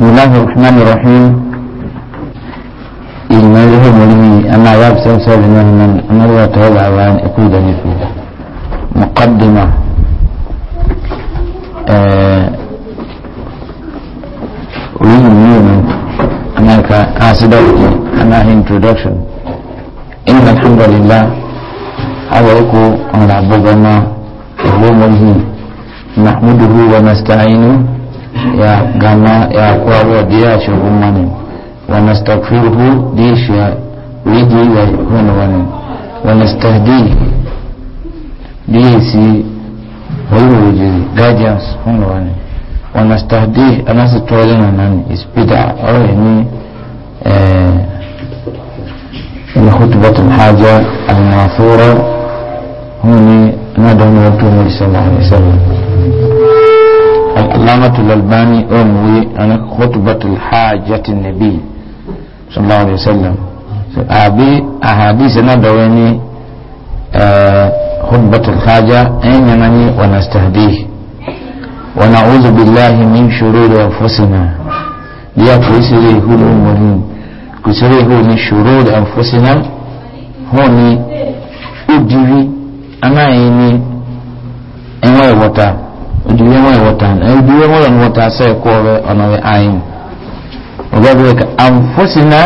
بسم الله الرحمن الرحيم إنما له مرمي أما باب سلسل من أن الله تعالى وأن أقود نفوه مقدمة أريد من أنا كأسدوكي أنا introduction إن الحمد لله أولكو أن عبدنا أهو مرهي نحمده ونستعينه يا غما يا قوة ديا شغماني ونستغفره ديشا ويجي ويكون ونستهديه ديسي هو جدي guidance هون واني ونستهديه أنا ستوالين أنا إسبيدا أو يعني من خطبة الحاجة المعثورة هوني ندعو نبتو صلى الله عليه وسلم علامة الألباني أموي أنا خطبة الحاجة النبي صلى الله عليه وسلم أبي أحاديث ندويني خطبة الحاجة أين نني ونستهديه ونعوذ بالله من شرور أنفسنا يا كسره الأمرين كسره من شرور أنفسنا هوني أدري أنا إني أنا وطا juye mo wota eh, ay juye mo lan wota sai ko be ono we ayin ogo be ka anfusina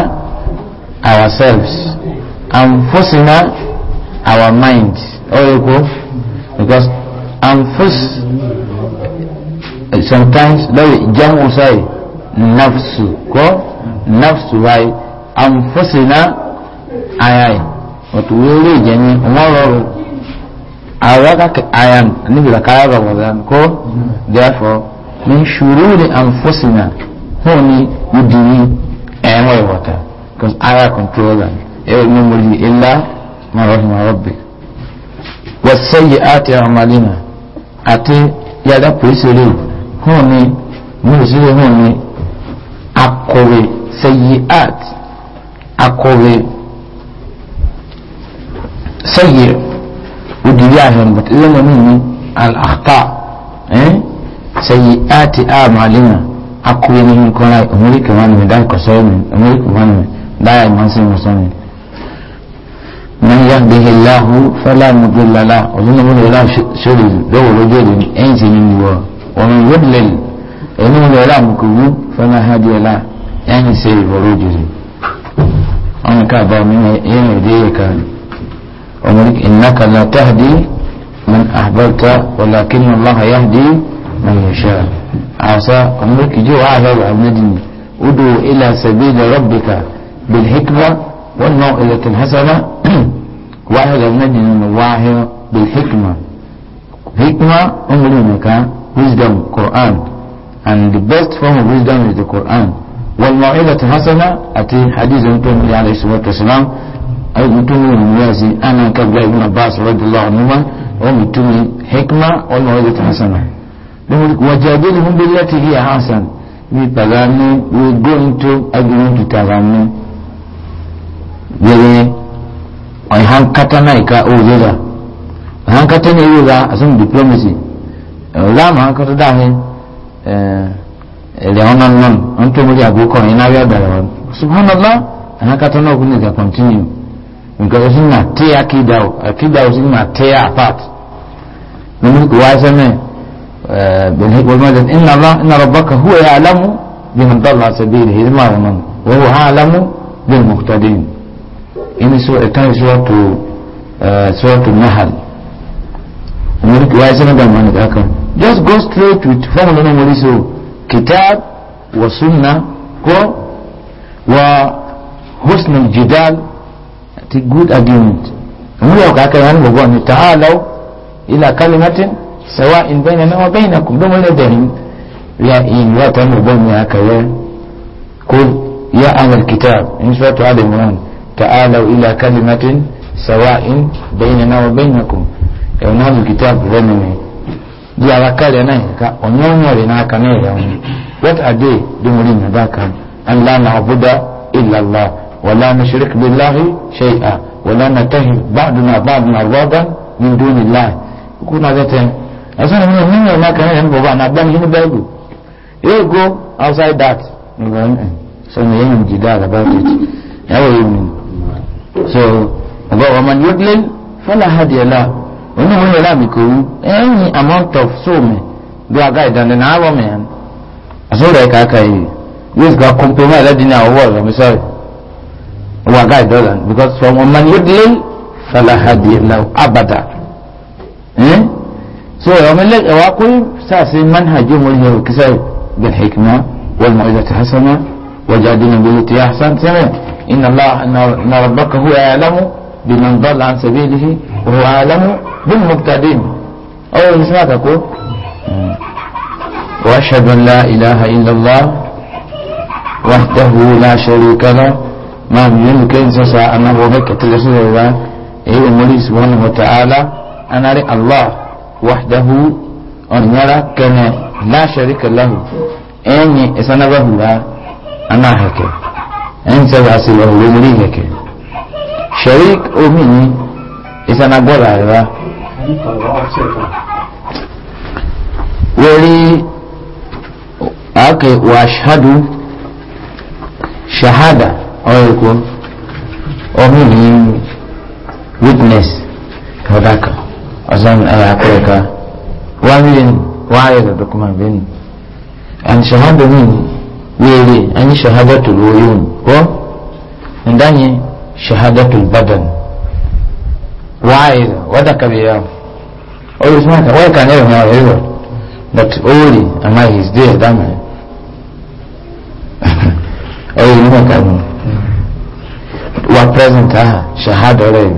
ourselves anfusina our mind oyo ko because anfus sometimes lawi jamu sai nafsu ko nafsu wai anfusina ayai wato wele jani umaro awaga ka ayan annabi da kaya ba wazan ko therefore min shururi anfusina honi yudini ayan wai wata because aya control them ewa min muli illa ma rahima rabbi wasayyi'ati a'malina ati ya da pulisere honi mulisere honi akowe sayyi'at akowe sayyi'at ودي ياهم بتقلنا مني الأخطاء إيه؟ سيئات أعمالنا أقوى من كل أمري كمان من داي كسرين أمري كمان من داي منسين مسلمين من يهده الله فلا مضل له ومن من ولا شر دو رجل أنزل من ومن يضلل ومن ولا مكبو فما هادي له يعني سيف رجل أنا كابا من يمديك يعني أمرك إنك لا تهدي من أحببت ولكن الله يهدي من يشاء عسى أمرك جوا عسى عبندني ادعو إلى سبيل ربك بالحكمة والموئلة الحسنة واحد عبندني من واحد بالحكمة حكمة أمرك wisdom Quran and the best form of wisdom is the Quran والموئلة الحسنة أتي حديث أنتم عليه الصلاة والسلام ai mutumin yazi ana kabla ibn abbas radiyallahu anhu wa mutumin hikma wala wajhi hasana then wajadilhum billati hiya hasan we pagani we go into agreement to tagani yele ai han katana ika ozela han katana yoga asun diplomacy lama han kata da he eh le honan non antumuri agoko ina ya da subhanallah han katana kunni ga continue nǹkan ó sì máa tẹ́ àkídà ó àkídà ó sì máa tẹ́ apart nínú kò wá sẹ́mẹ̀ bẹ̀rẹ̀ iná rọ̀bọ́kà hú ẹ̀yà alámú bí hàn dọ́là sẹ́bí ilẹ̀ ìdí máa wọn wọ́n wọ́n alámú bí hàn mọ̀kútàdé inú sọ ẹ̀kan ìṣúwàtò ṣúwàtò nahal nínú kò wá sẹ́mẹ̀ bẹ̀rẹ̀ mọ̀nì kankan just go straight with fọ́ọ̀mù lọ́nà wọlé so kitab wa sunna ko wa husnul jidal ti good agreement mun yau kaka yan gogo ni ta'alau ila kalimatin sawa'in bainana wa bainakum dum wala dahin ya in wa ta mu bon ya kaya kul ya amal kitab in suratu ali imran ta'alau ila kalimatin sawa'in bainana wa bainakum ya unal kitab renene ya wakale na ka onyonya re na ka ne ya what are they dum ولا نشرك بالله شيئا ولا نتهم بعضنا بعضا أربابا من دون الله يكون هذا تهم أصلا من من ما كان يهم بابا نبدأ هنا بيقول you go outside that so يهم جدال about it how you mean so ومن يضلل فلا هادي له ونحن هنا لا بيكون any amount of soul do a guy than an hour man أصلا كاكاي يوز كا compromise لدينا in our I'm sorry one guy doesn't because from يضلل فلا fala له أبدا abada سو eh? so ومن لك أواقف ساسي منهجهم وهي الكسب بالحكمة والموعظة الحسنة وجادلهم بالتي أحسن سمع إن الله إن ربك هو أعلم بمن ضل عن سبيله وهو أعلم بالمبتدين أول ما تقول وأشهد أن لا إله إلا الله وحده لا شريك له máa bí nínú kẹ́yìn sọ́sà anáwọ̀ mẹ́kẹ̀ tó lè ṣe rẹ̀ wá èyí ò mọ́rí ìṣùwọ́n wa ta'ala anárí allah wàhdahu ọ̀nyára kẹ́nẹ̀ láṣẹ̀rí kẹláhù ẹ̀yìn ìsanábàhùwá anáhẹ̀kẹ̀ ẹ̀yìn sọ́sà àṣìlẹ̀ òwe mọ́rí ìhẹ̀kẹ̀ ṣẹ̀rí omi ní ìsanágbọ́ra rẹ̀ wẹ́rí àákẹ́ wàṣádù ṣahada ọ̀rẹ́kọ ọmọ ní witness kọ̀dáka ọ̀sán ẹ̀yà akọ̀rẹ́ka wọ́n rí wáyé lọ́dọ̀kọ́ máa bẹ́ẹ̀ ni and shahada mi wéèrè anyi shahada tó lóyún yóò kọ́ ndanye shahada tó badan wáyé wọ́dà kàbíyà ọ̀rẹ́sìn wáyé kàn ẹ̀rọ ní ọ̀rẹ́ rẹ̀ but owó rí àmà his day ẹ̀dá mẹ́rin ẹ̀yẹ nígbà kan wà present aha ṣahada rẹ̀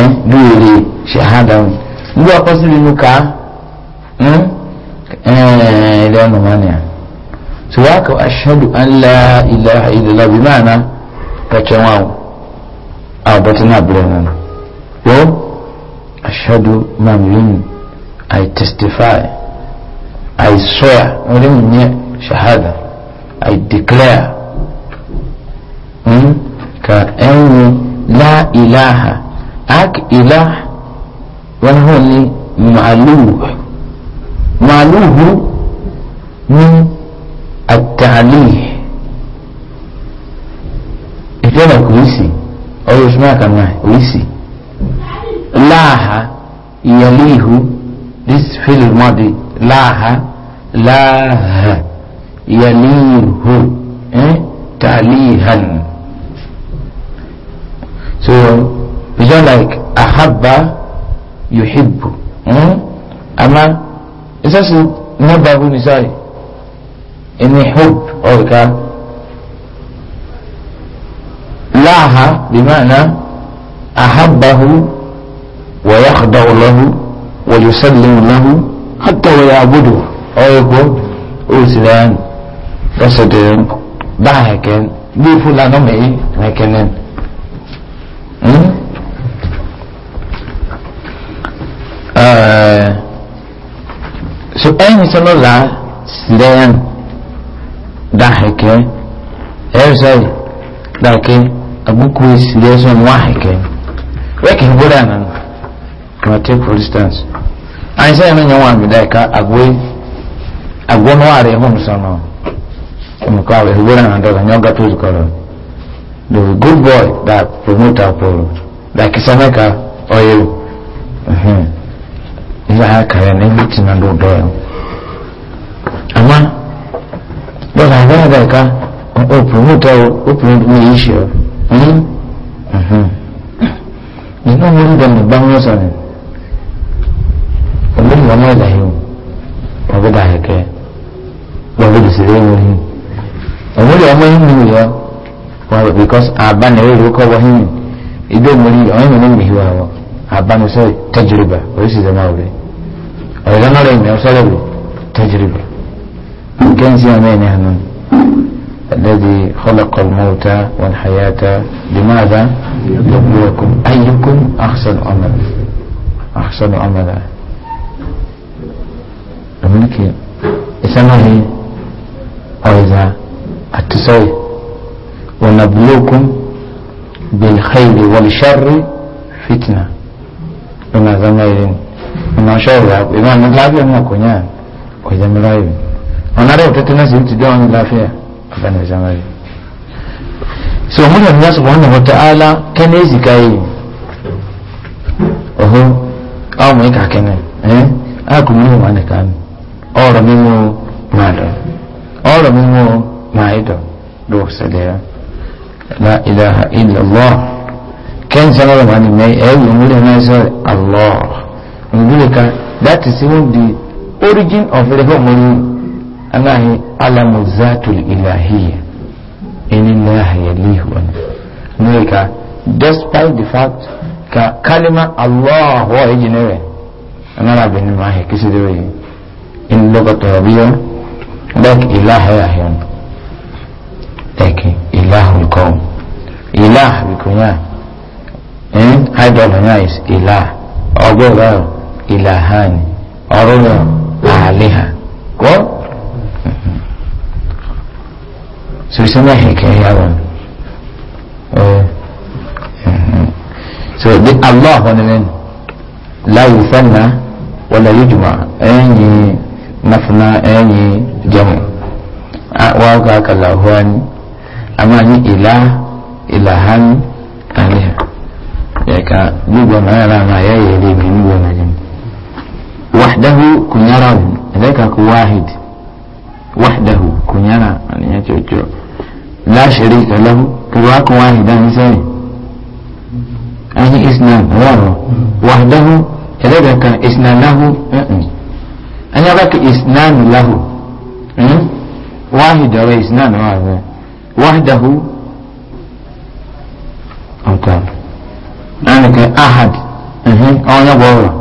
ẹ̀ bí èrè ṣahada mi nígbà kọ́ sí mi ká ilé ọ̀nà mania tí wàá kọ́ aṣáájú alá ilá ìlọ́lá bí máa ná kẹ̀kẹ́ wọn àwọn bọ́tí náà bẹ̀rẹ̀ náà yóò aṣáájú máa mi lónìí i testify i swear wọ́n lé mi ní ṣahada. I declare hmm? ka ẹnu la ilaha ak ilah wọn hàn ní màálùú màálùú ní àtàlì ìfẹ́ràn kò í sí ọyọ ìṣúná àkànnà kò í sí láàhà ìyẹlẹ́hù this field mọ́dé láàhà láàhà. يليه eh? تاليها so it's not like أحب يحب eh? أما إساس نبه نسائي إني hope or كا لاها بمعنى أحبه ويخضع له ويسلم له حتى ويعبده أو يقول أوسلان fẹsẹ̀dẹ̀ bá ẹ̀kẹ́ bí fúlànà mẹ́yìn ẹ̀kẹ́ náà so ẹ̀yìn sọ́nà là sílẹ̀yàn dá ẹ̀kẹ́ ẹ̀rẹ́sẹ̀ dàkẹ́ àbúkú sílẹ̀ sọ́nà wá ẹ̀kẹ́ wẹ́kẹ̀ gbọ́dọ̀ àná kàmá take for instance àyìnsẹ́yìn náà yẹn wọ́n àmì dá ẹ̀ka àgbọ̀ àgbọ̀ náà rẹ̀ hùn sọ́nà mukawe huwena na ndola nyonga tu zikolo the good boy that promoter apolo that kisameka oyo e ehe ila haka ya nebuti na ndo doyo ama dola hivana ka o promote hmm? o o promote ni ishi o mhm mhm nino mwuri da mbango sana Omuli wa mwaza hiyo, wabuda heke, wabuda sirenu hiyo. omuli omwehimiwa wabwe because aba nawe luka wahimi ido omuli omwehimi n'emihiwawa aba nusole tajriba oyisiza nawe oyira n'olwehimi osolebwe tajriba kensi ameene hanon الذي خلق الموت والحياة لماذا يبلوكم أيكم أحسن عملا أحسن عملا أملك إسمه أو إذا atisai wanablukum bilkhairi walshari fitna unazama ilini unashauri hapo imani labia mwakunyana kwa jamila hivi wanare utetenasi mtidoa so mwenye Allah subhanahu wa ta'ala oho au mweka kene eh akumuhimu oro mimo mwada oro mimo maida do sadera la ilaha illa allah ken sana da mani mai eh yumule na sai allah yumule ka that is even the origin of the whole anahi alamu zatul ilahiyya inillah yalihu an mulika despite the fact ka kalima allah wa ijinewe anara bin mahi kisi dewe in lugatu rabiya dak ilaha yahyan eki ilah bikum ilah bikum ya hmm hydro ya is ilah ogbo ba ilahan oruna aliha ko so isema heke ya wan so the allah one men la yufanna wala yujma enyi nafna enyi jamu wa ama ni ila ilahan aliha yaka gbogbo mara ma ya yi ile bi gbogbo na jin wahdahu kunyara ilaika ku wahid wahdahu kunyara ani ya coco la sharika lahu kuwa ku wahida ni sai ani isnan waro wahdahu ilaika ka isnan lahu an ya baka isnan lahu wahid wa isnan waro وحده أو كان أنك أحد أو نبورة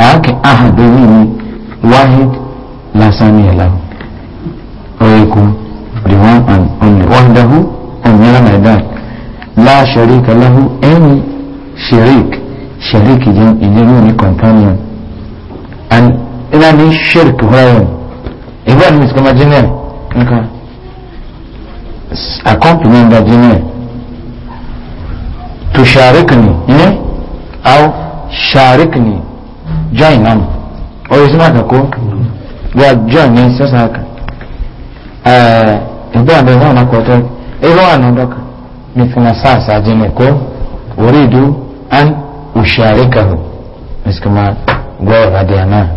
أك أحد مني واحد لا ثاني له أو يكون أن أن وحده أن لا ذلك لا شريك له أي شريك شريك جن إنني كمpanion. أن إذا الشرك هو إذا مسكما جنين nǹkan accompanying the jinn to sharikni eh au sharikni join am o yi sima ka ko wa join ni sasa haka eh ibi abe wa na ko to ibi wa na doka ni fina sasa jinn ko uridu an usharikahu miskama gwa wa diana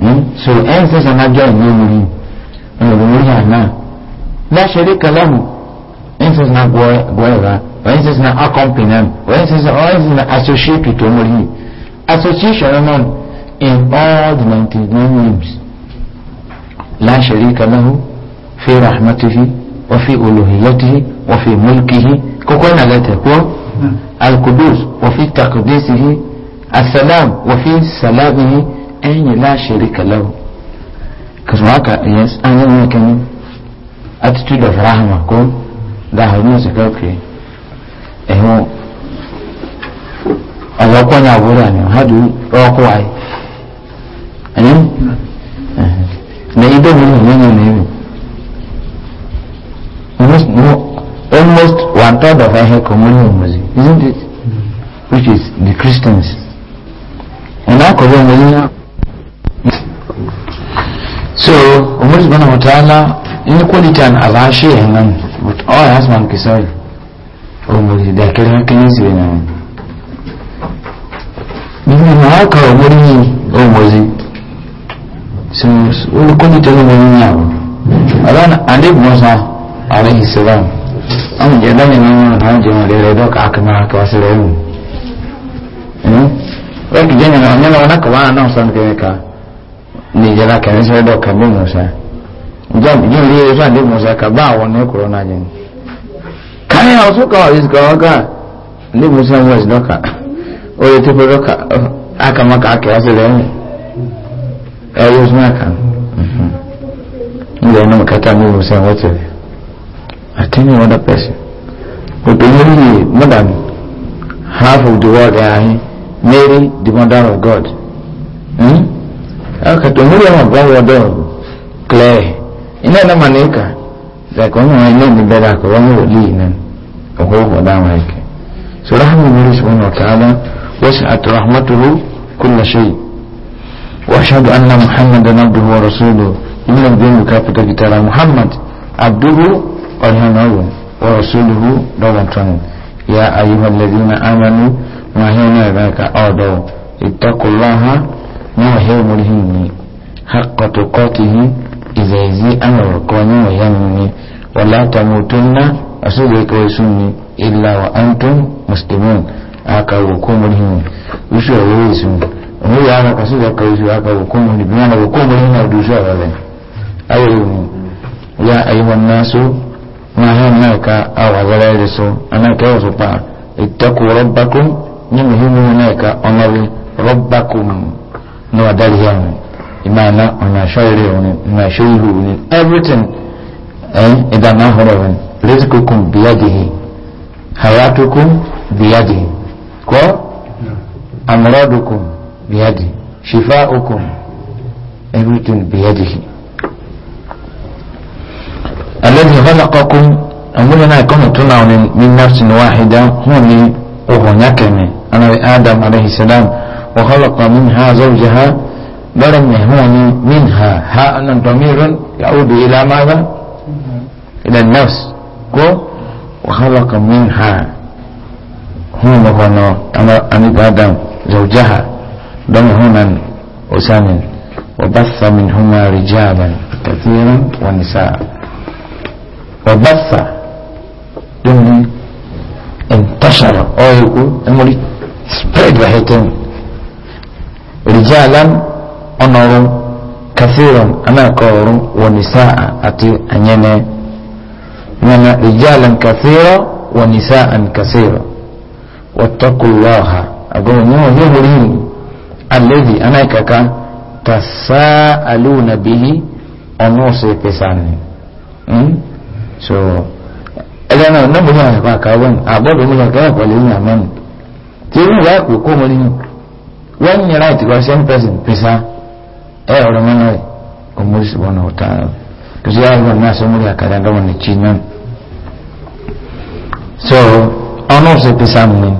hmm? so en sasa na join ni olùwòyà náà láṣẹrí kalamu ẹ̀ńsẹ̀sì náà gbọ́ẹ̀rà ẹ̀ńsẹ̀sì náà accompany ẹ̀ńsẹ̀sì náà associate tó mọ̀ yìí association náà in all the ninety nine names láṣẹrí kalamu fi rahmatihi وفي ألوهيته وفي ملكه كوكونا لا تكون القدوس وفي تقديسه السلام وفي سلامه أين لا شريك له Kasmaka, yes, I am making attitude of Rahma, go, that has no secretary. Eho, ọ̀rọ̀kọ́ ni àwòrán ni, how do you, ọ̀rọ̀kọ́ wa na Ẹ̀yẹ́? Lẹ́yìn tó wúlò lẹ́yìn lẹ́yìn. Almost, no, almost one third of our communion was, isn't it? Which is the Christians. And I could remember so umar subhanahu wa ta'ala inequality and avashi hengan but all has man kisal umar da kira kan yi na ni ma haka umar ni umar zi so inequality and avashi hengan alan anib musa alayhi salam an je da ne nan ta je ma da da ka kana ka wasu rayu eh wani jenya na wannan wannan ka ba nan san ka ní ìjẹ́lá kẹrin sí ọdọ̀ kàbí musa jẹ́ ìrí ẹ̀ṣọ́ àdé musa kàbá àwọn ní kòrò náà jẹ́ káyà ọ̀tún kàwà yìí kàwà ká ní musa wọ́n ẹ̀sì dọ́kà orí tó fẹ́ dọ́kà akamaka akẹ́wà sí lẹ́yìn ẹ̀yọ́ sí máa kàn ilẹ̀ náà kàtà ní musa wọ́n ti rẹ̀ àti ní ọ̀dọ̀ pẹ̀sì òtò yìí rí half of the world ayé mary the mother of god. Hmm? aka to muri ma ba wa do kle ina na maneka da ko mu ai ne da da ko mu li nan ko ko wa da ma yake so rahmu min subhanahu wa ta'ala wasi'at rahmatuhu kull shay wa ashhadu anna muhammadan abduhu wa rasuluhu inna dinu ka fita gitara muhammad abduhu wa nahu wa rasuluhu dawan tan ya ayyuhal ladina amanu ma hina ka adaw ittaqullaha náà hẹ́ mo rí ni hakọ̀tò kọ́ọ̀tù yìí ìzẹ̀ẹ̀zí amọ̀rọ̀kọ níwọ̀n yá mi ni wọ̀lá tàmù tó ná àṣùgbẹ́ kọ́ ẹ̀sùn ni ìlà wà á ń tó mùsùlùmí àkàwò kó mo rí ni wíṣọ ìwé ìsùn òun yà á àṣùgbẹ́ kọ́ ẹ̀sùn àkàwò kó mo rí ni wọ́n kó mo rí ni ọdún ní ọ̀dárí ẹ̀wọ̀n ìmọ̀ àná ọ̀nà àṣọ na ẹ̀wọ̀n ìmọ̀ àṣọ ìlú ẹ̀wọ̀n everything ẹ̀yìn ìdáná ọ̀rọ̀ ẹ̀wọ̀n rẹ́sìkòkùn bíyàdìhì hayatokùn bíyàdìhì kọ́ amúrọ́dùkùn bíyàdìhì ṣìfà okùn everything bíyàdìhì. الذي خلقكم أمرنا يكون تنعون من نفس واحدة هو من ni كمي أنا آدم عليه السلام وخلق منها زوجها برمه هو منها ها أن ضمير يعود إلى ماذا إلى النفس كو وخلق منها هو مغنى أنا آدم زوجها ضمه هنا أسامن وبث منهما رجالا كثيرا ونساء وبث دمني انتشر أو يقول أمري rijalan onorun kathirun anakorun wa nisaa ati anyene nana rijalan kathira wa nisaan kathira wattaqullaha agogo nyo hiyo mulimu alladhi anakaka tasaaluna bihi onose pesani hmm? so ẹlẹ́nà ọ̀nà bóyá àgbà kàwọn àgbọ̀dọ̀ bóyá kàwọn pẹ̀lú ìyàmẹ́nu when you're out, you are same person, pisa, eh, ahora no, eh, como dice, bueno, está, que si algo más, somos la cara, con el chino. So, honor se pesa, me,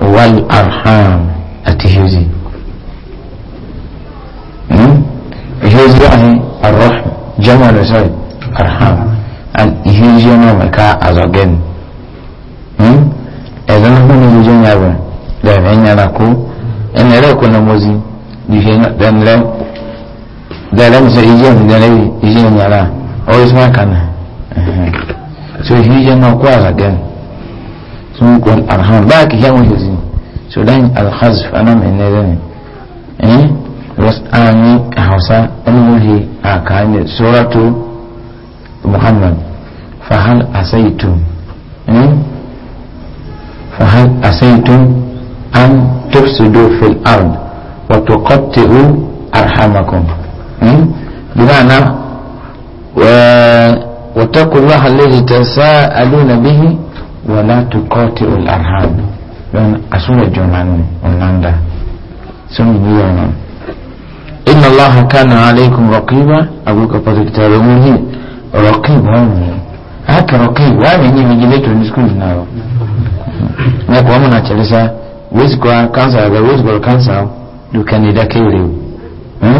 wal arham, ati hizi. Hmm? Hizi wahi, arroh, jama lo soy, arham. Al hizi no me ka azogen. Hmm? Ezan huni hizi nyawe, da, enyana ku, ẹnna ẹrẹ ọkọ na mọzi nìhẹ dẹnlẹ dẹnlẹ mi sọ iye mi dẹnlẹ iye mi ara ọyọ sọ aka na so iye yẹ náà kó ara dẹn so n kọ alhamdu báàkì yẹ wọn yẹ zi so dẹn alhaz fana mi nẹ dẹni ẹn lọs ààyè àhọsá ẹni mo yẹ àká ẹni sọ́ràtò muhammad fahal asaitum ẹn ¿Eh? fahal asaitum. an tufsidu fil ard wa tuqatti'u arhamakum hmm? bimaana واتقوا الله الذي تساءلون به ولا تقاتلوا الارحام لان اسوره جمان وناندا سن بيانا ان الله كان عليكم رقيبا ابوك قد كتابه رقيب هم هكا رقيب وانا ني مجلته نسكن ناو نكو منا تشلسا huwezi kwa kansa huwezi kwa kansa ukanida kile eh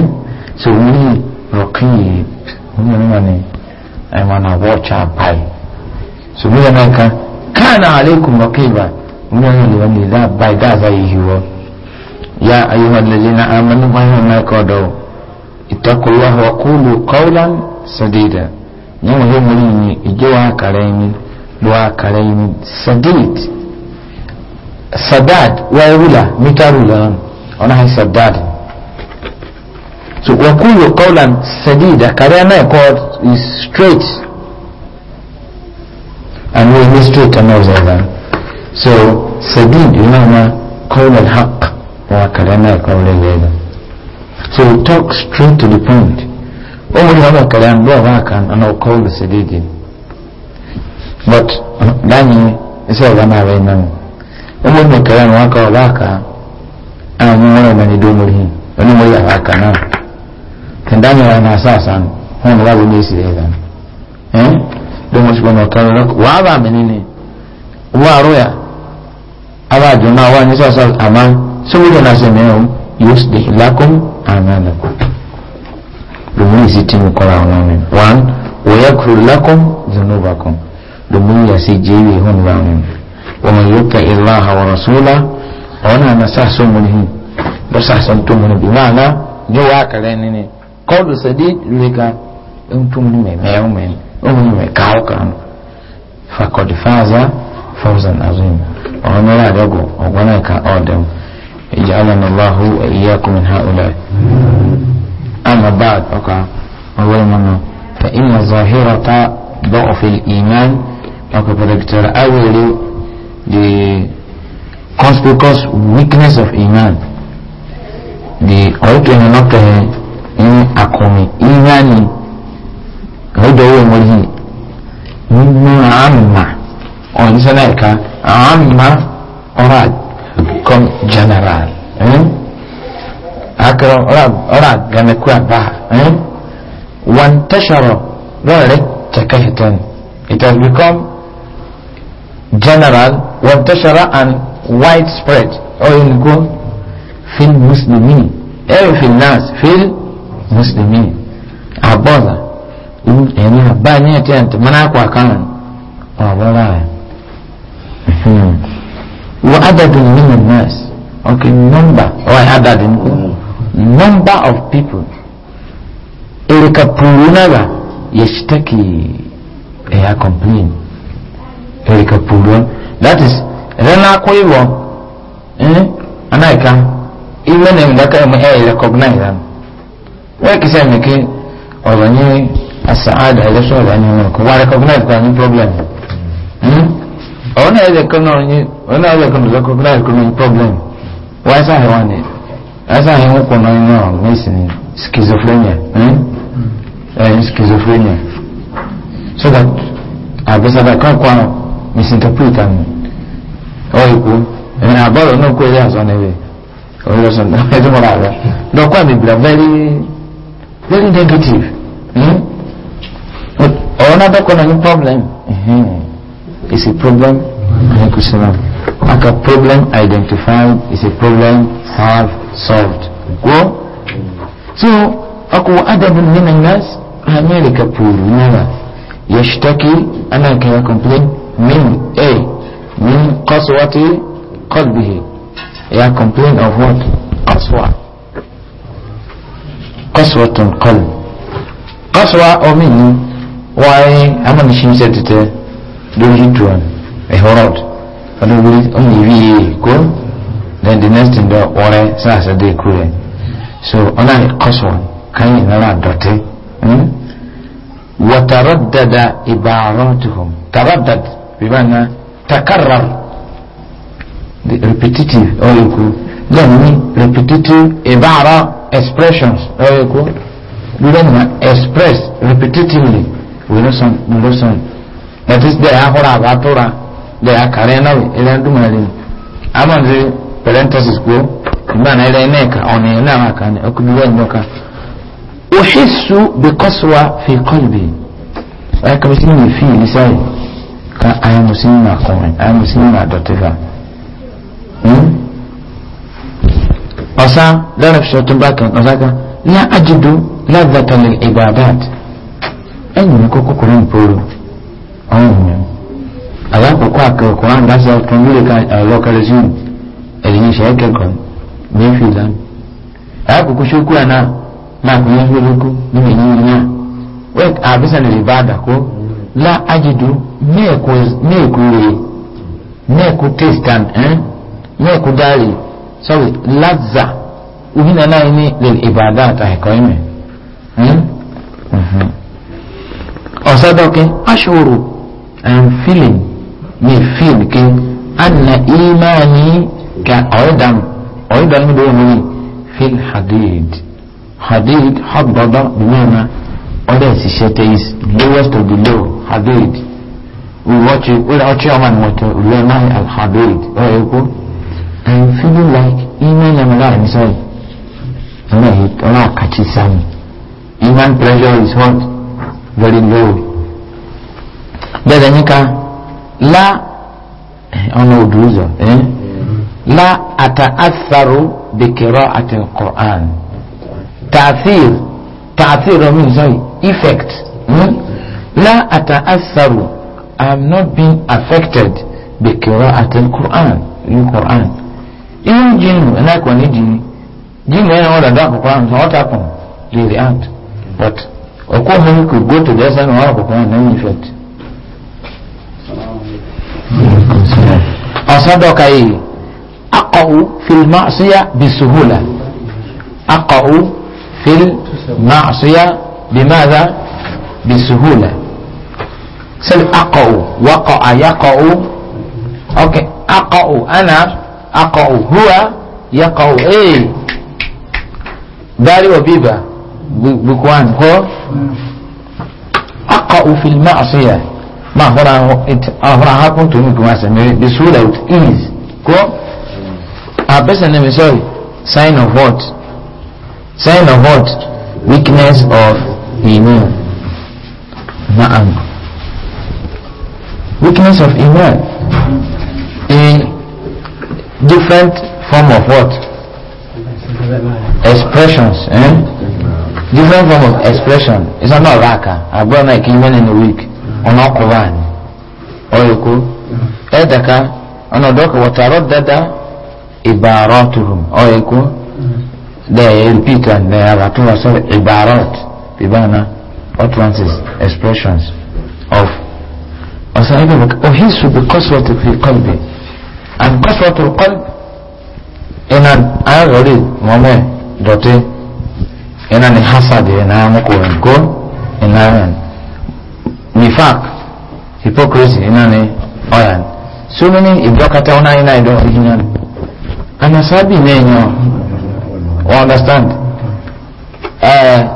so mimi roki mimi mimi i wanna watch our pie so mimi naka kana alaikum raqiba mimi ni wani la by gaza hiyo ya ayuha alladhina amanu wa ma qadu ittaqullaha wa qulu qawlan sadida nyamu hiyo mwalimu ijoa kalaini dua kalaini sadid sadad wáyé rúlà mítà rúlà náà ọ̀nà àyè sadad so wakulu kọ́lan sadida kàrí àná ẹ̀kọ́ is straight and we need straight and not that uh. so sadid ìlànà kọ́lan haq wà kàrí àná ẹ̀kọ́ lẹ́lẹ́dà so talk straight to the point ó mú ní ọmọ kàrí àná lọ́wọ́ bá kan ọ̀nà kọ́lan sadidi but uh, láyé iṣẹ́ ìlànà rẹ̀ náà ọmọ ọdún kẹrẹ ni wọn kọ ọba àká àwọn ọmọ ọmọ ẹni dó mọrí ẹni mọrí àwọn àká náà kẹndà ni wọn náà sàásà ni wọn ni wọn bọ ní èsì rẹ dànù ẹ dọmọ sí wọn kẹrẹ lọkọ wàá bá mi nínú wọn àrò yà àbá àjọ náà wọn ní sàásà àmà sọgbọdọ náà sẹmẹ ọ yóò sì dé ìlàkùn àmà lọkọ lòmú ìsì tí mo kọra àwọn mi wọn wọ́n yẹ kúrò lọ́kùn zọ̀nùbàkùn lòmú ìyàsí jẹ́ ìwé ìhùn ìwà mi. ومن يطع الله ورسوله وانا مسحسن منه مسحسنتم منه بمعنى جوا كلامني قول صديق لك انتم من يومين ومن يكاو كان فقد فاز فوزا عظيما وانا لا دغو وانا كاودم اجعلنا الله واياكم من هؤلاء اما بعد اوكا اول مره فان الظاهره ضعف الايمان وكبرت الاول the conspicuous weakness of iman the ọ̀rẹ́kẹ̀yìn ọ̀nàkẹ́ ní akọni ìyáni ọ̀dọ́wọ́ wọn yìí nínú àmà ọ̀nìṣẹ́lá ẹ̀ka àmà ọ̀rà com general akọrọ ọ̀rà gànàkú àbá wọn tẹ́sọ̀rọ̀ lọ́rẹ̀ tẹ̀kẹ́ ìtẹ́ni it has become general وانتشر and widespread أو ينكون في المسلمين أو في الناس في المسلمين عبادة يعني عبادة أنت أنت من أقوى كان عبادة وعدد من الناس okay number or عدد number of people إلكابولونا يشتكي يا complain إلكابولونا that is ɛdɛ n'akɔ iwɔ ɛn eh, anayika ime na ndaka ɛmu ɛyɛ eh, recognize am wɛn kisɛ mike ɔlɔnyi asaada ɛdɛ sɔ ɔlɔnyi mɛ kò wa recognize kò anyi problem ɛn ɔna ɛdɛ kò na ɔnyi ɔna ɛdɛ kò na recognize kò na ɔnyi problem wɔn ɛsɛ ahɛ wani ɛsɛ ahɛ ŋkɔ na ɔnyi na ɔmɛsini schizophrenia ɛn hmm? ɛn hmm. eh, schizophrenia so that abisabɛ kɔ kɔ misinterpret am ọ̀yẹ̀kú ẹ̀yìn àbọ̀rọ̀ náà kó eré àṣọ níbẹ̀ ọ̀rẹ́ ọ̀sán náà ẹ̀dùn mọ́ra rẹ̀ lọ́kọ́ àmì very very negative hmm? ọ̀rọ̀ náà dọ́kọ̀ náà ní problem hmm. is a problem ní kùsùnà aka problem identified is a problem have solved gbọ́ so ọkọ̀ adabu nínú nurse amẹ́ríkà pòlù náà yẹ ṣítẹ́kì anáàkẹ́yà complain min a eh, min qaswati qalbihi they are complain of what qaswa qaswatun qalb qaswa o oh, min why amani shin se tete do hitwan e horod ado wuri on yi bi then the next thing do ore sa sa de kure so ona qaswa kan yi na dote hmm wa taraddada ibaratuhum taraddada بمعنى تكرر repetitive او يكون يعني repetitive عبارة expressions او يكون بمعنى express repetitively ونصن ونصن نفس ده اخرى باتورا ده اكارينا الى دمالين اما زي parenthesis كو بمعنى الى انيك او نينا مكان اكبر نوكا احس بقسوة في قلبي اكبر سيني في لساني ka ayé musulmi akọrin ayé musulmi adọtira ọ̀sá lára fi ṣọ́tún bá kan ọ̀sá kan ní àjìdú lábàtàlẹ̀ ìbàdàt ẹ̀yìn mi kókó kúrò ìpòrò ọ̀hún mi àbákòókò àkẹ́kọ̀ọ́ kùrán dáṣẹ́ ọ̀tún lórí ọlọ́kẹrẹ sí ẹ̀yìn iṣẹ́ ẹ̀kẹ́kọ̀ọ́ méfì lánàá àbákòókò ṣókú àná máa kò yẹ la ajidu meeku re meeku tastan eh meeku dari sorry lazza uhina naye ni lil ibadat ahikoime eh, hmm? Eh? mm-hmm. ọsọdọke ashuru i'm feeling me feel ke anna imani ka ọdam ọdam ni bẹ́ẹ̀ mi fil hadid hadid hadada bimana others shete is lowest of the low habid we watch it well our chairman moto ulema al habid oyeko i'm feeling like iman yamala and so ona hit ona kachi sami iman pressure is what very low bẹ́ẹ̀ ni ká la ọ̀nà òdùúzọ̀ la ata àtàáfàrò bèkèrọ àti Quran. tààfíìr tààfíìr ọmọ ìsọ̀yìí effect. Hmm? La ata'assaru. I am not being affected by qira'atil Quran. New Quran. Even jinn, and I can jinn. Jinn, I know that Quran. So what happened? They react. But, O course, you could go to the sun or Quran, no effect. أصدق إيه fil في bi بسهولة أقع fil المعصية بماذا بسهولة سل أقع وقع يقع أوكي أقع أنا أقع هو يقع إيه داري وبيبا بكوان هو أقع في المعصية ما هو هنا هنا تومي كماسة بسهولة with ease كو أبسا نمي sorry sign of what sign of what weakness of iman na'am weakness of iman in different form of what expressions eh? different form of expression is not raka I náà kí iman in a week ọ̀nà ọkùnrin ọ̀yọ̀kọ́ ẹ̀ẹ́dẹ̀ka ọ̀nà ọ̀dọ́kọ̀ wọ̀tàrọ̀ dáadáa ìbàrọ̀ turum ọ̀yọ̀kọ́ They repeat and they are two or so ibarat bimana utterances expressions of وسأجدك أحس بقسوة في قلبي عن قسوة القلب إن أغري وما دوتي إن أنا حسد إن أنا مكوين كون إن أنا نفاق hypocrisy إن أنا أيان so many ibrakata ona ina ido hinan ana sabi nenyo understand eh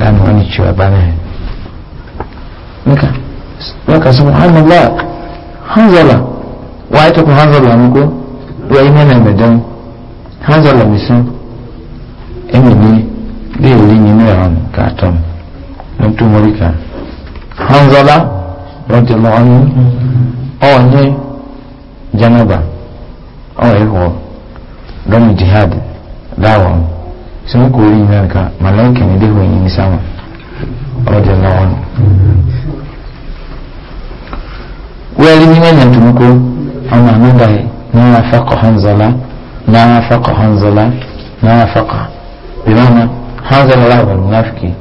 ranar wani cewa ba na yanzu maka subhanallah hanzala wa ita ku hanzala muku wa yi mana madan hanzala misan emini da yi wuri nínú ẹ̀rọ̀n kàtọ́m ní tó mórí kan hanzala rọ́jẹ̀ lọ́wọ́ ní ọ̀wọ̀ ní janaba ọ̀wọ̀ ihò lọ́nà jihad láwọn sun kori nan ka malaika ne dai wani sama radiyallahu anhu wani ni wannan tumuko amma nan da na faqa hanzala na faqa hanzala na faqa bi ma'ana hanzala la wal munafiki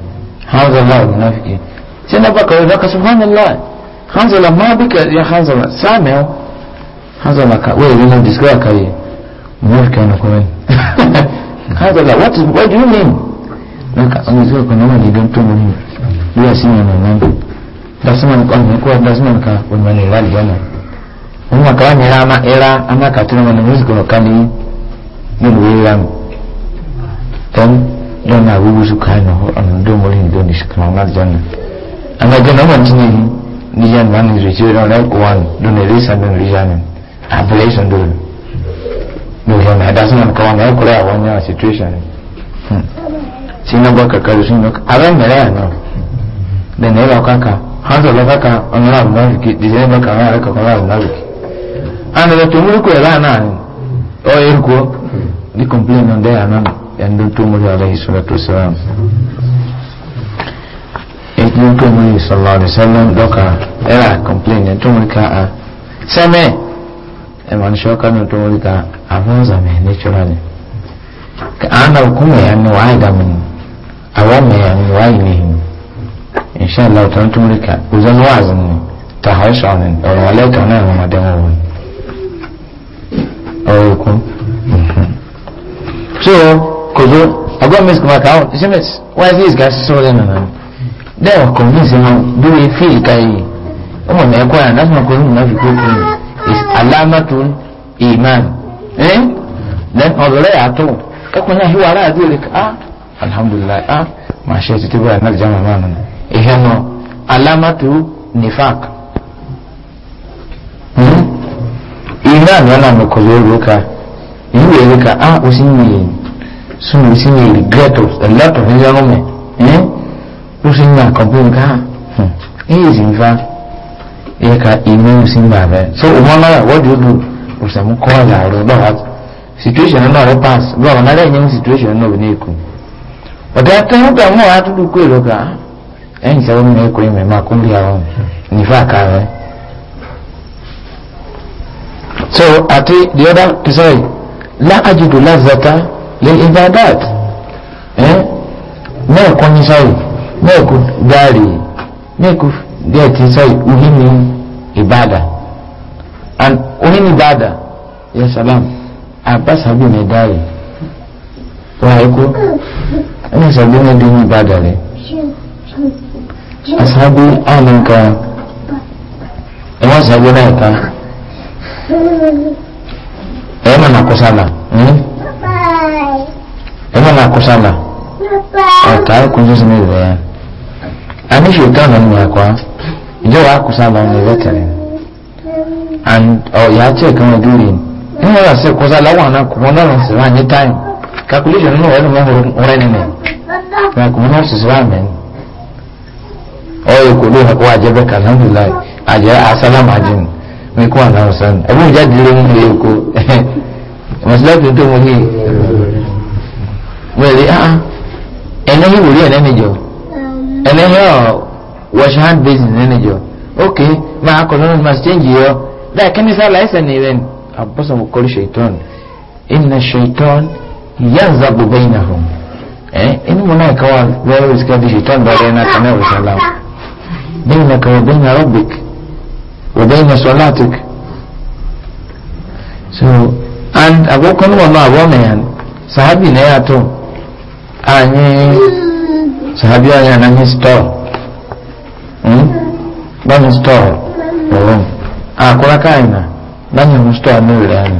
hanzala la wal munafiki sai na baka da ka subhanallah hanzala ma bika ya hanzala sami'a hanzala ka wai ne disgra kai munafiki na kuma Hadala, what, is, what do you mean? Naka, ọmọ ìṣẹ́ ọ̀pọ̀ náà lè tó mú ní bí a sí ìyẹn náà. Dasman kan ní kúrò Dasman kan wọ́n mọ̀ ní ìlà ìjọ́nà. Wọ́n mọ̀ kàwá ní ẹ̀rá era. amákàtúrò wọn ní mọ́sìkò ọ̀kan ní nílùú ìrà mi. Tọ́m lọ́nà àwúwú sùkà ní ọ̀nà tó mọ̀ ní ìdó ní sùkà wọn láti jọ́nà. Àwọn ọjọ́ náà wọ́n ti ní ní yẹn náà ní ìrètí ọ̀rẹ́ ọ̀rẹ́ kọ̀wá ní lónìí rí sàbẹ̀ rí yá ní àbẹ̀rẹ̀ ìṣọ̀ndọ̀rẹ̀ miliyan na da suna kawo na kula a wannan situation sai na baka kare sun yau a ran mere yana da na yaba kaka hanzo da kaka onuran munafiki da zai baka wani raka kuma da munafiki an da to mu ko yana nan o yin ko ni complain nan da yana yan dun to mu da alaihi salatu wassalam ibn to mu sallallahu alaihi wasallam doka era complain nan to mu ka a same e man shoka nan to mu ka abun zame naturally ka ana kuma ya ni wa da mun awa me ya ni wa ni insha Allah tan tumrika uzan wazin ta hausha ne da wala ta na ma da mu ayo ko so ko zo agwa mes kuma ka on isimes why this guy so then na they are convinced now do we feel kai ọmọ mi ẹkọ ya that's not going to be good is alamatun iman eh then ọ̀rẹ́ àtọ̀ náà híwà aráàlú rẹ̀ ah alhamdulilayi ah ma ṣe títí báyìí náà jẹ́ màmá nù ìhẹ́ nifak iná àná náà mi kò lè rí ah ó sì ń yè a lot of ó sì ń yà complain ká ah èyí ń fa ń bà so òun what do usamu kɔɔla ro lɔra situation lɔra pass lɔra nara enye mu situation lɔra ne eku ɔda tɛn ka mu a tutu ko ero ka ɛn sɛ wɔn na ekɔ ime ma ko bia nifa ka rɛ so ati the other sorry la ajidu la zata le ibadat ɛn mɛ kɔ nisɔyi mɛ ko gaari mɛ ko dɛti sɔyi uhimi ibada and onini dada ya salam abbas habi mai dare wa ko ina sabi ne don yi bada ne ashabi alinka ina sabi na ita ina na kusala ina hmm? na kusala a tare kun ji sinu da ya a ni shekara ne ya kwa ijo wa kusala ne veteran and oh tí check ọdún rẹ̀ nínú ọ̀rọ̀ sí kọ́sá láwọn àná kò wọ́n lọ́rùn sí wáyé time calculation nínú ọ̀rẹ́ mọ́ ọ̀rẹ́ nínú ẹ̀ kò wọ́n lọ́rùn sí wáyé mẹ́rin ọ̀rọ̀ kò lóhùn kó àjẹ́ bẹ́ẹ̀ kàlá ní láì àjẹ́ asálàmù àjẹun mi kó àná ọ̀sán ẹ̀bí mi jáde lé mú a mọ̀síláàbí tó mo ní ene ah ẹ̀nẹ́yìn wòlíẹ̀ nẹ́nìjọ basin nẹ́nìjọ ok máa kọ̀ lọ́rùn máa ṣe لكن مثال ليس إذن أبصم كل شيطان إن الشيطان ينزب بينهم إيه إن هناك وارز كان شيطان بارينا كان وسلام بينك وبين ربك وبين صلاتك so and abokan wa ma wa mayan sahabi na ya to anyi sahabi ya na ni store hmm ba ni store oh akora ah, kaina nanya musto anule yani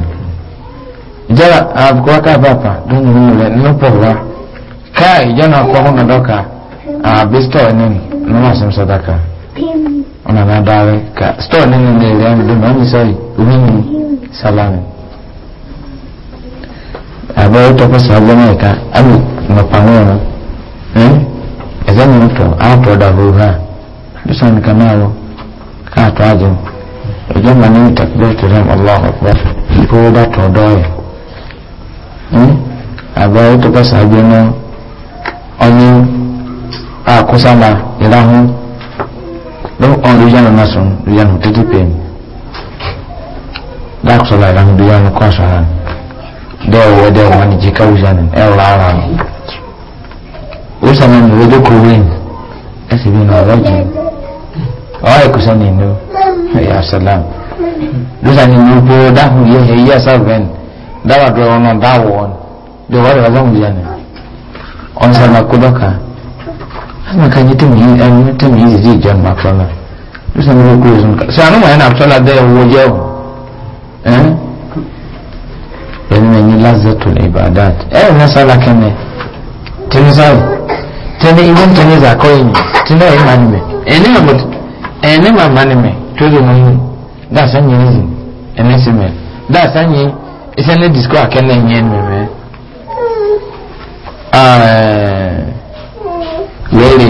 jala akora ah, ka baba donyo nule no kai jana kwa huna doka a ah, bisto nini no masim daka ona na dawe ka sto nini ne ani do mami sai umini salame abo to ko sabona ka ami mapangona eh ezani mtu hapo dahuha bisan kanao kaa twaje ẹjẹ́ ma ní ìtàkùrẹ́ ìtẹ̀rẹ́m Allah? kó o bá tọ̀ ọ̀dọ́ ẹ̀ àgbáyé tó bá sàgbé náà ọní àkósámà ìráhùn ló ọ̀n lóyún náà sùn lóyún náà títí pè ní dákùsọ̀lá ìráhùn lóyún náà kọ́ àṣọ náà dẹ́ẹ̀ wọ́ dẹ́ẹ̀ wọ́n ní jí káwùsàn ẹ̀rọ ara ó sàmì ìrẹ́dẹ́kọ̀wé ẹ̀sìn bí ọ̀rọ̀ jù ọ̀ ẹ̀kọ́sán nìyẹn náà ya salam dusa ni nubo dahu ya ya saben dawa do ono dawo do wale wazamu jana on sama kudoka ana kanyi tumi an tumi ziji jan makona dusa ni ko zun ka sanu ma yana abtala da woje eh yani ni lazzatul ibadat eh na sala kene tinisa tene ibon tene za koyin tene imanime eh, ene eh, ma ene eh, ma manime trade money that's any reason msmf that's any it's any disco akẹ́lẹ̀ yẹn mẹ́mẹ́ lórí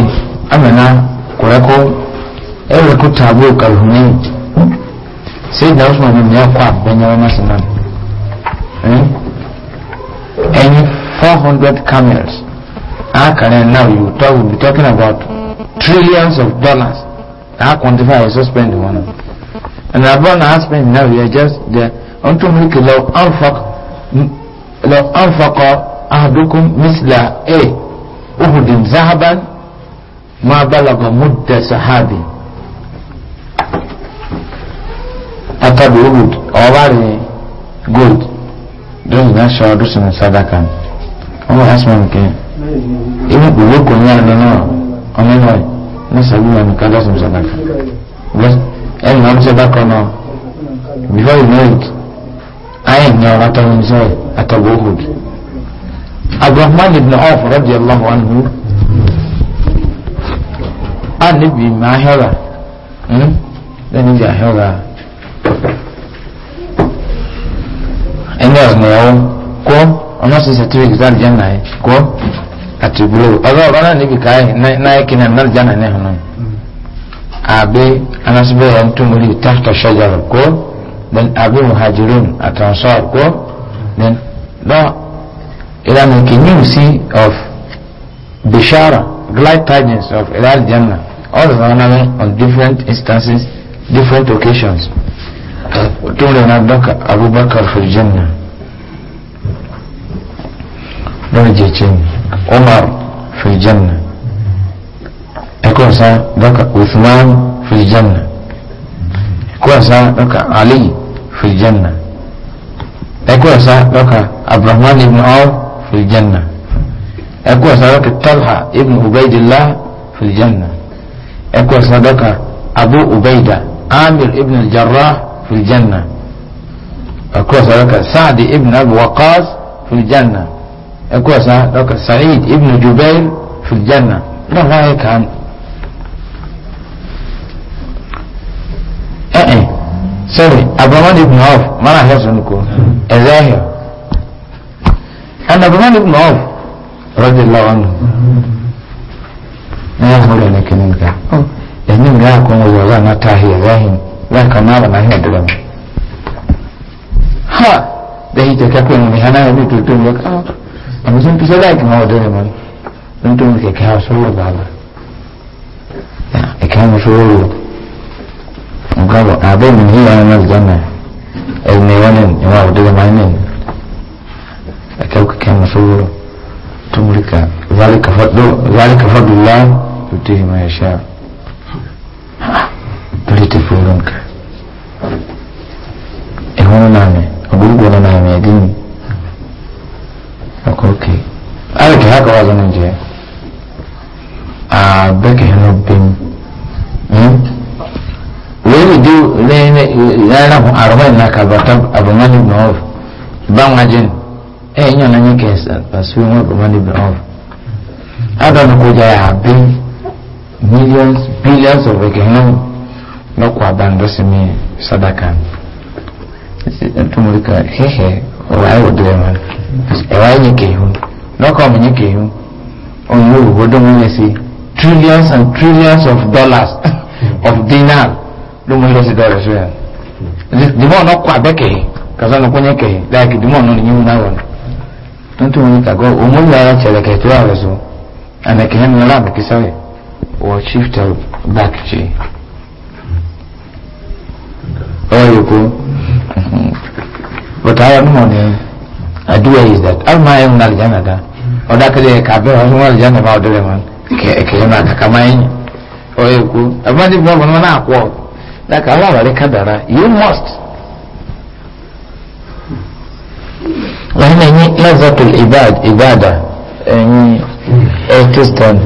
amẹ́nà kọ̀rẹ́kọ́ ẹ̀rọ̀kọ́ tààbù kàlùmí sèyí náà ọ̀sùn ọ̀nà mìíràn kọ́ àbẹ̀yẹwò náà sí náà ẹni four hundred camels àkàrẹ̀ now you talk we be talking about trillions of dollars. I quantify, I suspend one. And Rabban has spent now, we are just there. Unto Mulki, law anfaq, law anfaqa ahdukum misla A. Eh, uhudin zahaban, ma balaga mudda sahabi. Akabi Uhud, awari gold. Don't not show this in Sadakan. Oh, that's one thing. Even if you look on your own, on your own ní sàbí wọn nìkan lọ́sùn sàdákà ẹni wọn sàdákà náà before you know it ayé ní ọ̀rọ̀ atọ́wọ́ ní sẹ́yìn atọ́wọ́ hood abdulrahman ibn auf rọ́bì allahu anhu a ah, níbi ìmọ̀ ahẹ́rà lẹ́ni ìjà ahẹ́rà ẹni ọ̀gbìn ọ̀hún kọ́ ọ̀nà sísẹ̀ tí ó yẹ náà kọ́ àti bulu ọlọ́run ọ̀rọ̀ náà níbi káyé náà kí ni àná jánà ní ẹ̀hún àbí anásíbẹ̀ yẹn tún mú lè tàkà ṣọjà rẹ̀ kó then àbí muhajirun àtànsọ́ kó then lọ ìlànà kìíní sí of bishara glad tidings of ilal jannah all the time on different instances different occasions tó lè na dọ́kà abubakar fìlìjánà lọ́rọ̀ jẹ́ chẹ́yìn. عمر في الجنة يكون سا ذاك عثمان في الجنة يكون سا ذاك علي في الجنة يكون سا ذاك عبد الرحمن بن عوف في الجنة يكون سا ذاك طلحة ابن عبيد الله في الجنة يكون سا ذاك أبو عبيدة عامر ابن الجراح في الجنة يكون سا ذاك سعد ابن أبو وقاص في الجنة أكوسا لك سعيد ابن جبير في الجنة لا لا هيك عن أه سوري أبو مان ابن عوف ما راح يسألكم الظاهر أن أبو مان ابن عوف رضي الله عنه ما يقول لك نلقى لأنهم لا يكون الله ما تاهي ذاهم لا كما ما هي دلم ها ده يتكاكون مهنا يبي تلتم لك آه àmì sí ń pisẹ́ láìkì máa ọ̀dọ́ ìmọ̀ nítorí kẹ̀kẹ́ àṣọwọ́ bàbá kẹ̀kẹ́ àṣọwọ́ yòó nǹkan bọ̀ àbẹ́ mi ní ìyá ọmọ ìjọba ẹ̀yìn ni wọ́n ní ìwà ọ̀dọ́ ìmọ̀ ní kẹ̀kẹ́ kẹ̀kẹ́ àṣọwọ́ tó múrí ká zálìkà fọ́dùlá tó tẹ̀ ìmọ̀ ẹ̀ṣá lórí ti fún un ká ẹ̀wọ̀n aka oke ala ke haka wa zanen je a beke hannun bin wani biyu ranar arwain na kabatar abumani ibn auf ban wajen e yi yana yin kai basuwin wani abumani ibn auf adam ko da ya bin millions billions of beke hannun na kwa ban da su sadaka tumurka hehe wa ya wadda ya ẹ̀wá yẹ kẹ̀hún lọ́kọ̀ mi yẹ kẹ̀hún yóò wò dó mi sí trillions and trillions of dollars of dinar ló mú lọ sí dọ́rẹ̀ sí ẹ̀ dìbò ọ̀nà kọ abẹ́kẹ̀yìn kàtà ọ̀nà kọ́nyẹ́ kẹ̀yìn dáàkì dìbò ọ̀nà ni yíwú náà wọ̀ tó ń tó wọn kàgọ́ òun mú yàrá kyẹ̀lẹ̀ kẹ̀tọ́ àrẹ so ànàkẹ́yìn ní ọlá àbẹ̀kẹ́sẹ̀ rẹ̀ wọ́n chief back ṣe ọ̀rọ̀ yòókù bọ̀tà ayọ̀ addu'a is that har ma yin aljanna da o da kare ka ba wani aljanna ba dole man ke ke yana ka kama yin o oh, yi ku amma ni ba wani na ko da ka Allah bare kadara you must wannan ni lazzatul ibad ibada eh, ni a eh, christian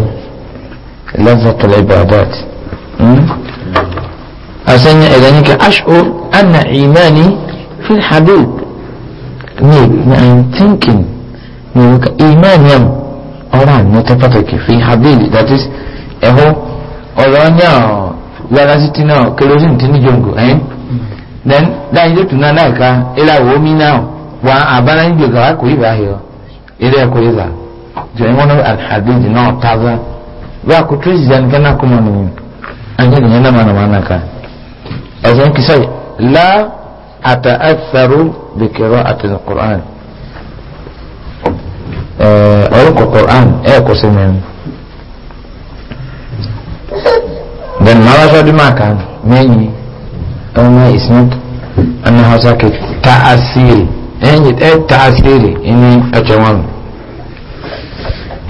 ibadat a idan yake ash'ur anna imani fil habib ne na I'm thinking ne ka iman yam ọ̀rọ̀ àná tẹ́ pàtàkì fi habil that is ẹ̀họ́ ọ̀rọ̀ ọ̀nyà lára sí ti náà kerosene ti eh? mm-hmm. then láyé tó tún náà náà ká ilé àwọ̀ omi náà wà àbára ń gbèsè wá kò ìbá yọ ilé ẹ̀kọ́ ìbá jọ ìwọ́n náà habil náà tààzà wà kò tó ìjìjà nìkan náà kó mọ̀ nìyẹn ajé nìyẹn náà mọ̀ nà mọ̀ nà ká بقراءة القرآن أولوك القرآن أيكو سمين then mara sọ di maa kan mẹ́yìn ọmọ isnad ẹni hausa ke taasiri ẹni ẹ taasiri ẹni ẹjọ wọn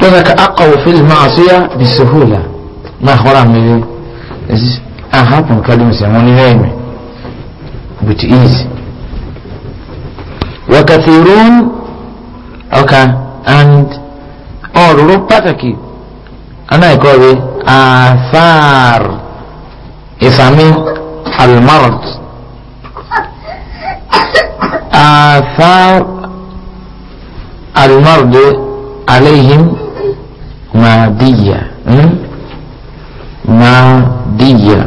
tọ́ka akọ̀wé fílì máa ṣíyá bí sehúlà máa họ́ra mẹ́rin ahapun kọ́dún sí àwọn onílẹ̀ mi with وكثيرون okay and ọ̀rọ̀rọ̀ pàtàkì aná ẹ̀kọ́ rẹ̀ àfáàr ìsàmì almarot àfáàr almarot aléhìn máa díyà máa díyà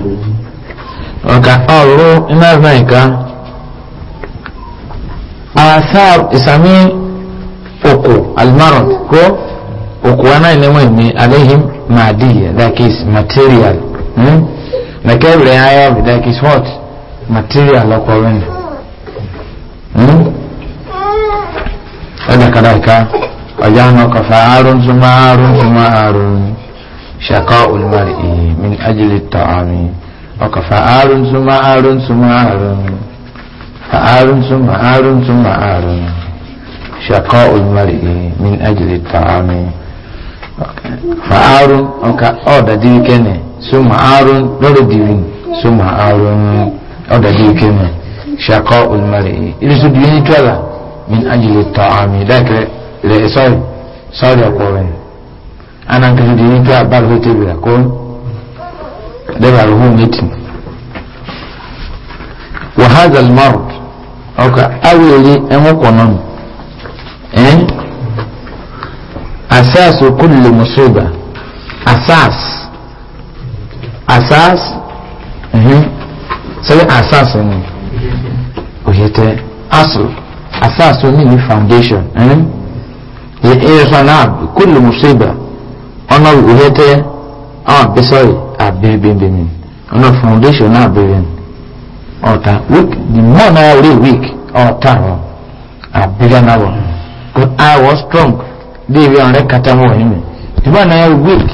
iná ẹ̀kọ́ athar isami oku almarad ko oku ana ne mai ne alaihim madiya that is material hmm? na kebre aya that is what material okorin hmm? ada kadaka ajano kafarun sumarun sumarun شقاء المرء من أجل الطعام وكفار سمار سمار فعال ثم عال ثم عال شقاء المرء من أجل الطعام فعال أودا ديكنا ثم عال لردين ثم عال أودا ديكنا شقاء المرء إذا سدين تولا من أجل الطعام ذاك لإصاب صار يقولون أنا كسدين تولا بل هتبلا كون دبر هو ميتين وهذا المرض ọkà awèrè ẹ̀hún kọ̀nà ẹ̀ asas okùnlé mùsùlùmá asas asas sẹ́yìn asas ni òyìntẹ́ asù asas oníní foundation yẹ ẹ̀rọ náà kùnlé mùsùlùmá ọ̀nà òyìntẹ́ ọ̀ bẹ́sọ̀rì àbẹ̀bẹ̀bẹ̀mí ọ̀nà foundation náà bẹ̀rẹ̀ ni. ọ̀tà week di more na wee week ọ̀tà ọ̀ àbílẹ̀ na wọ̀ but I was strong dé ibi ọ̀rẹ́ kata wọ̀ ẹ̀mí the more na week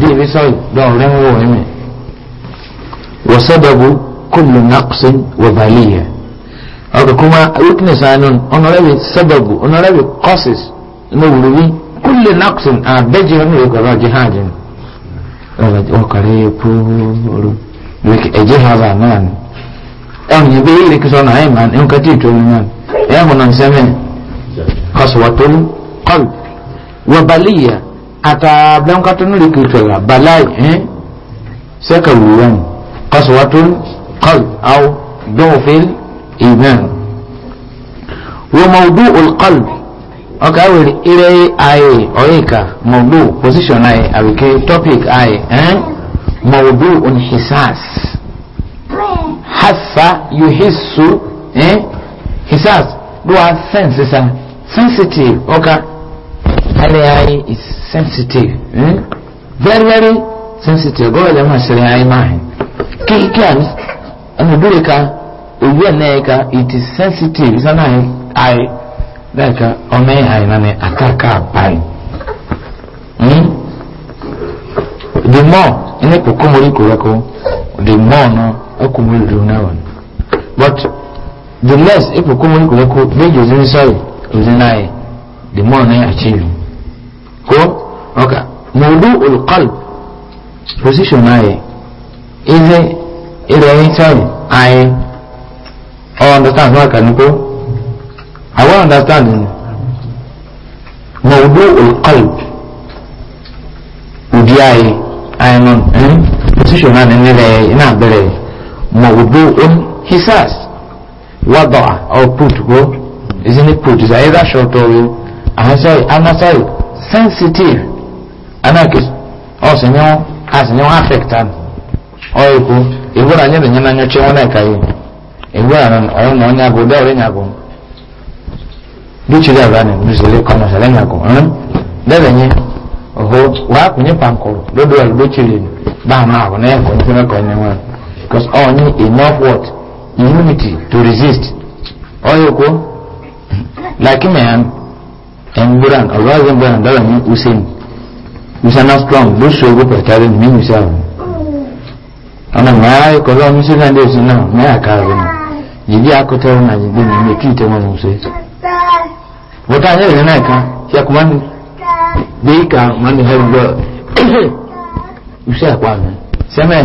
dé ibi sọ̀rọ̀ dé ọ̀rẹ́ wọ̀ ẹ̀mí. wọ́sọ̀dọ̀bù kúlù nàkùsìn wọ̀bàlìyà ọ̀kọ̀ kuma weakness àánú ọ̀nàrẹ́bì sọ̀dọ̀bù ọ̀nàrẹ́bì causes ní wùrùwí kúlù nàkùsìn àbẹ́jì ọ̀nà ìkọ̀rọ̀ jihadin ọ̀kọ̀rẹ́ púrú eji haza na ni. ẹ̀hùn ìgbé ilé kí sọ́nà ẹ̀mà ẹ̀hùn kẹtí ìtòmí náà ẹ̀hùn náà sẹ́mẹ̀ kọsùwàtún kọl wọ balíyà àtàbẹ́nkàtún lè kí ìtòlá baláì ẹ̀hìn sẹ́kà wùwọ́n kọsùwàtún kọl àwọ dọ́wọ́fẹ́l ìmẹ́n wọ́n mọ̀ọ́dú olùkọl ọkà wẹ̀rẹ̀ eré ayé ọ̀yẹ́ka mọ̀ọ́dú pòsíṣọ̀n ayé àbíké tọ́pìk ayé ẹ̀hìn mọ̀ọ́dú onìṣẹ́sáàsì hasa yuhisu eh says, do sense senses a sensitive okay ani ayi is sensitive hmm? very very sensitive go ahead, le ma sere ayi ma ki ki an an dure ka oyi na ka it is sensitive sana ayi ayi like o me ayi na ne akaka bai hmm the more ene kokomori koreko the more no akumul dunawan but the less if kumul ko ko be je zin sai to zin ai the more na achieve ko okay mawdu'ul qalb position ai is ile ni sai ai I understand what can go. I want understand mawdu'ul qalb udi ai ai non eh? position na nene ina bere موضوع حساس وضع أو put go isn't it put is either short or anasai say sensitive anakis ọ sị nyọ asị nyọ affectan ọ ikwu ewu na anyị na-enye na nyocha nwa na-eka yi ewu na ọrụ na onye agụ dọọrọ ịnya agụ duchiri abụọ na nuzele kọmọsal ịnya agụ dọọrọ oho wa akwụnye pankụrụ dodo ọrụ duchiri ba na ahụ na ya kọnyefere kọnye nwa because all need enough what immunity to resist ọyọ kó like me and ẹnbúran ọ̀rọ̀ ẹnbúran dára ní usain usain strong ló ṣòro pẹ̀tàrí ní usain ọ̀nà mẹ́ra ẹ̀kọ́ lọ́wọ́ ní sílẹ̀ ní oṣù náà mẹ́ra káàrọ̀ nù yìí akọ́tẹ́rọ̀ náà yìí gbẹ̀mí mi kí ìtẹ́wọ́n ní usain wọ́tá ayé ìrìn náà kan ṣe kò máa ń gbé ìka máa ń hẹ́rù lọ usain àpá mi sẹ́mẹ̀ẹ́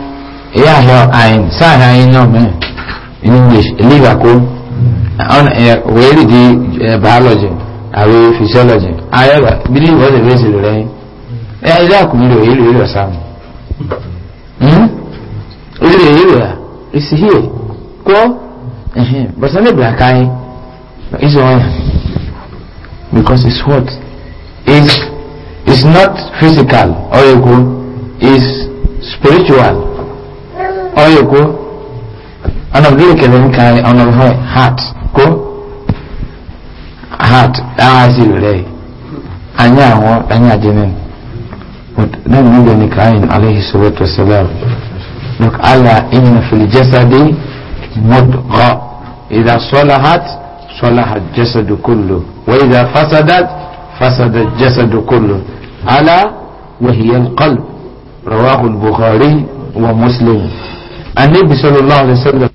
ya hɛ ayin saa hɛ ayin náà mɛ in english liver ko ɔn ɛ wɛri di biology awo physiology ayɛ ba bili wɔn de bɛ ziri rɛ ɛ ilé akumiri o yiri yiri o sam hmm yiri yiri a isi hie ko ɛhɛn bɔsɛ ne bila kan yi because it's what is is not physical ɔyɛ ko is spiritual. oil ko ọ̀nà ìbílẹ̀ kẹlẹ̀ ń ka ọ̀nà ìhọ́ heart ko heart dáhà sí rẹ̀ anya àwọn anya jẹ́nẹ̀ náà ní ìgbẹ̀ ní káyìn aláìhí sọ́wọ́ tó sẹ́lẹ̀ lọ́k ala ìyìn fìlì jẹ́sàdé mọ́tọ́ ìdá sọ́lá heart sọ́lá heart jẹ́sàdé kúlò wọ́n ìdá fasadat fasadat jẹ́sàdé kúlò ala wàhíyàn qalb رواه البخاري ومسلم النبي صلى الله عليه وسلم